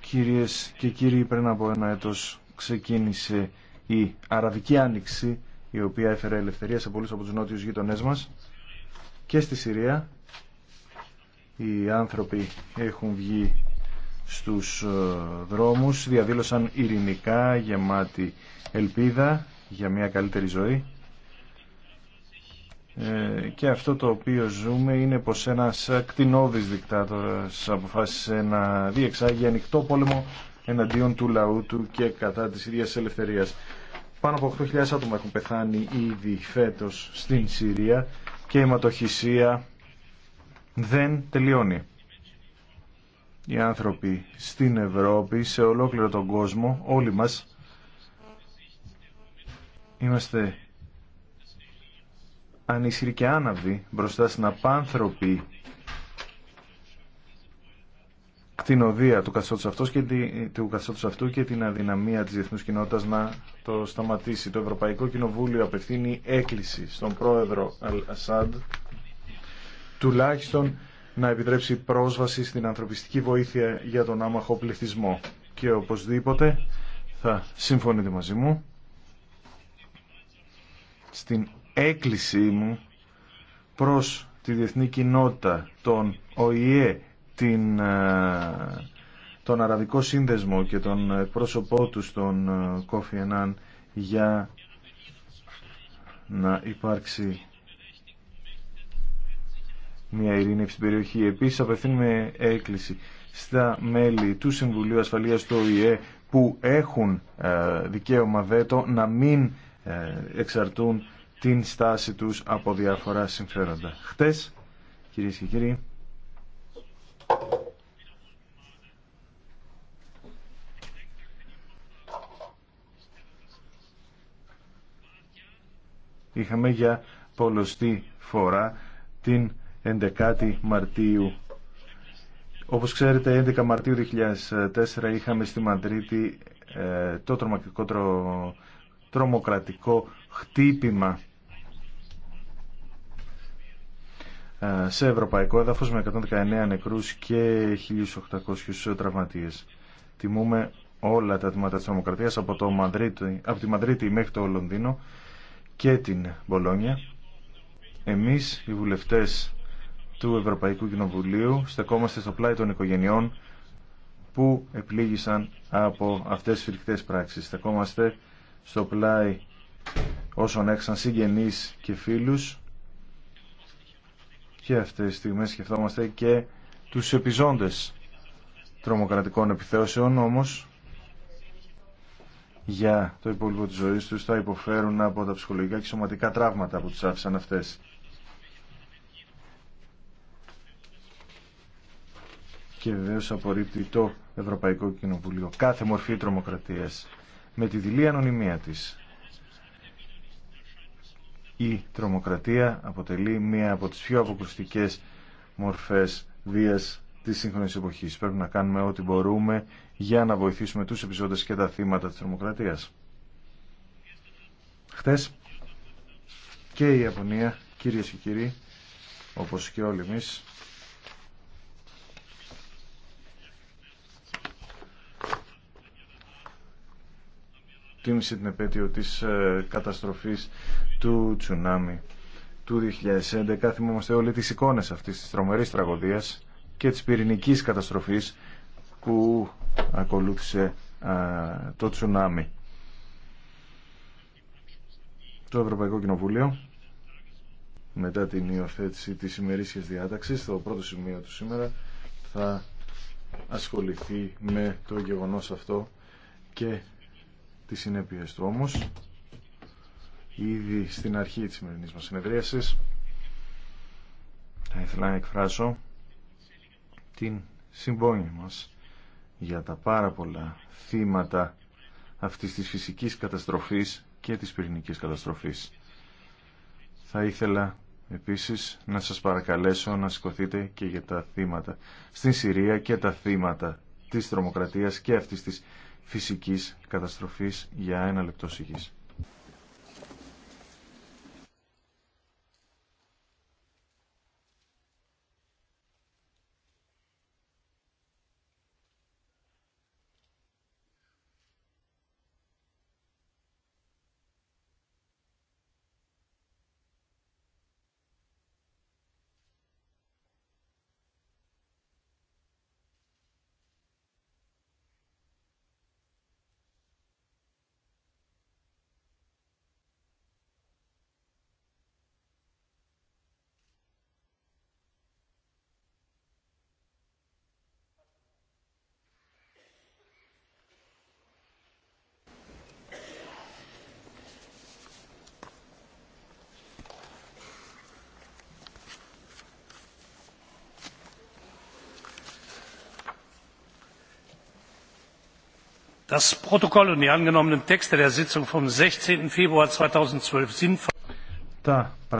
Κυρίες και κύριοι, πριν από ένα έτος ξεκίνησε η Αραβική Άνοιξη, η οποία έφερε ελευθερία σε πολλούς από τους νότιους γειτονές μας και στη Συρία. Οι άνθρωποι έχουν βγει στους ε, δρόμους, διαδήλωσαν ειρηνικά, γεμάτη ελπίδα για μια καλύτερη ζωή. Ε, και αυτό το οποίο ζούμε είναι πως ένας κτηνόδης δικτάτορας αποφάσισε να διεξάγει ανοιχτό πόλεμο εναντίον του λαού του και κατά της ίδιας ελευθερίας. Πάνω από 8.000 άτομα έχουν πεθάνει ήδη φέτος στην Συρία και η ματοχυσία δεν τελειώνει. Οι άνθρωποι στην Ευρώπη, σε ολόκληρο τον κόσμο, όλοι μας, είμαστε αν και άναβη μπροστά στην απάνθρωπη κτηνοδία του καθεστώτος, και του καθεστώτος αυτού και την αδυναμία της διεθνούς κοινότητας να το σταματήσει. Το Ευρωπαϊκό Κοινοβούλιο απευθύνει έκκληση στον πρόεδρο Αλ Ασάντ τουλάχιστον να επιτρέψει πρόσβαση στην ανθρωπιστική βοήθεια για τον άμαχο πληθυσμό. Και οπωσδήποτε θα συμφωνείτε μαζί μου στην έκκλησή μου προς τη διεθνή κοινότητα, τον ΟΗΕ, την, ε, τον Αραβικό Σύνδεσμο και τον πρόσωπό του στον ε, Κόφι Ενάν για να υπάρξει μια ειρήνη στην περιοχή. Επίσης απευθύνουμε έκκληση στα μέλη του Συμβουλίου Ασφαλείας του ΟΗΕ που έχουν ε, δικαίωμα βέτο να μην εξαρτούν την στάση τους από διάφορα συμφέροντα. Χτες, κυρίες και κύριοι, είχαμε για πολλωστή φορά την 11η Μαρτίου. Όπως ξέρετε, 11 Μαρτίου 2004 είχαμε στη Μαντρίτη ε, το τρομακτικό τρομοκρατικό χτύπημα ε, σε ευρωπαϊκό έδαφος με 119 νεκρούς και 1.800 τραυματίες. Τιμούμε όλα τα τμήματα της τρομοκρατίας από, το Μαδρίτη, από τη Μαδρίτη μέχρι το Λονδίνο και την Μπολόνια. Εμείς οι βουλευτές του Ευρωπαϊκού Κοινοβουλίου στεκόμαστε στο πλάι των οικογενειών που επλήγησαν από αυτές τις φρικτές πράξεις. Στεκόμαστε στο πλάι όσων έξαν συγγενείς και φίλους και αυτές τις στιγμές σκεφτόμαστε και τους επιζώντες τρομοκρατικών επιθέσεων όμως για το υπόλοιπο της ζωής τους θα υποφέρουν από τα ψυχολογικά και σωματικά τραύματα που τους άφησαν αυτές. Και βεβαίω απορρίπτει το Ευρωπαϊκό Κοινοβούλιο κάθε μορφή τρομοκρατίας με τη δειλή ανωνυμία της. Η τρομοκρατία αποτελεί μία από τις πιο αποκρουστικές μορφές βίας της σύγχρονης εποχής. Πρέπει να κάνουμε ό,τι μπορούμε για να βοηθήσουμε τους επιζώντες και τα θύματα της τρομοκρατίας. Χτες και η Ιαπωνία, κυρίες και κύριοι, όπως και όλοι εμείς, τίμησε την επέτειο της ε, καταστροφής του τσουνάμι του 2011. Θυμόμαστε όλοι τις εικόνες αυτής της τρομερής τραγωδίας και της πυρηνικής καταστροφής που ακολούθησε το τσουνάμι. Το Ευρωπαϊκό Κοινοβούλιο μετά την υιοθέτηση της ημερήσιας διάταξης το πρώτο σημείο του σήμερα θα ασχοληθεί με το γεγονός αυτό και τις συνέπειες του όμως ήδη στην αρχή της σημερινής μας συνεδρίασης θα ήθελα να εκφράσω την συμπόνια μας για τα πάρα πολλά θύματα αυτής της φυσικής καταστροφής και της πυρηνικής καταστροφής. Θα ήθελα επίσης να σας παρακαλέσω να σηκωθείτε και για τα θύματα στην Συρία και τα θύματα της τρομοκρατίας και αυτής της φυσικής καταστροφής για ένα λεπτό σιγής. das protokoll und die angenommenen texte der sitzung vom. 16. februar zweitausendzwölf sind